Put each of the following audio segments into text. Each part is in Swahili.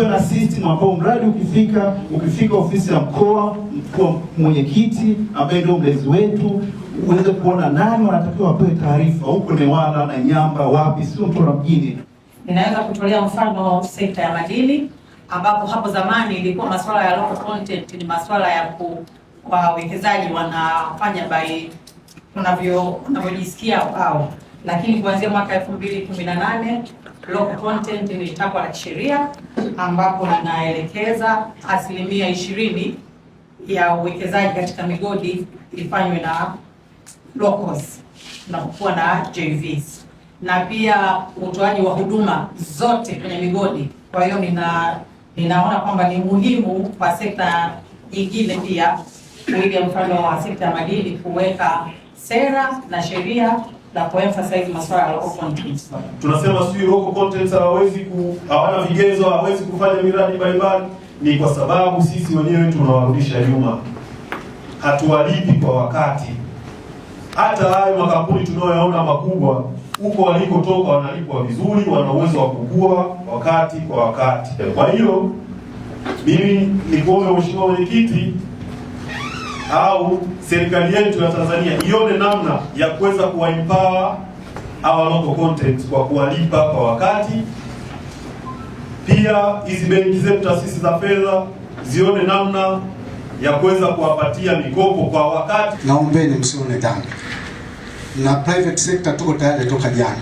tuwe na system ambao mradi ukifika ukifika ofisi ya mkoa, kwa mwenyekiti ambaye ndio mlezi wetu uweze kuona nani wanatakiwa wapewe taarifa huko Newala na Nyamba, wapi, sio Mtwara mjini. Ninaweza kutolea mfano sekta ya madini, ambapo hapo zamani ilikuwa masuala ya local content ni masuala ya ku, wawekezaji wanafanya by unavyojisikia wao, lakini kuanzia mwaka 2018 law content ni takwa la kisheria ambapo linaelekeza asilimia ishirini ya uwekezaji katika migodi ifanywe na locals kuwa na JVs na pia utoaji wa huduma zote kwenye migodi. Kwa hiyo nina ninaona kwamba ni muhimu kwa sekta nyingine pia kuiga mfano wa sekta ya madini kuweka sera na sheria na kuemphasize masuala ya local content. Tunasema sio local content hawawezi ku hawana vigezo, hawawezi kufanya miradi mbalimbali, ni kwa sababu sisi wenyewe tunawarudisha nyuma, hatuwalipi kwa wakati. Hata hayo makampuni tunayoyaona makubwa huko walikotoka wanalipwa vizuri, wana uwezo wa kukua wakati kwa wakati. Kwa hiyo mimi nikuombe mheshimiwa mwenyekiti au serikali yetu ya Tanzania ione namna ya kuweza kuwaempower hawa local content kwa kuwalipa kwa wakati. Pia hizi benki zetu, taasisi za fedha zione namna ya kuweza kuwapatia mikopo kwa wakati. Naombeni msione dhambi na private sector, tuko tayari toka jana,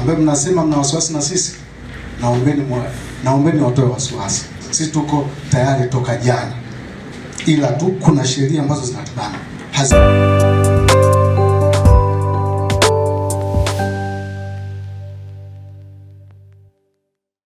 ambayo mnasema mna wasiwasi na sisi. Naombeni, naombeni watoe wasiwasi, sisi tuko tayari toka jana ila tu kuna sheria ambazo zinatubana.